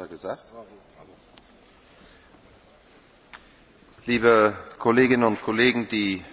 er gesagt? Liebe Kolleginnen und Kollegen, die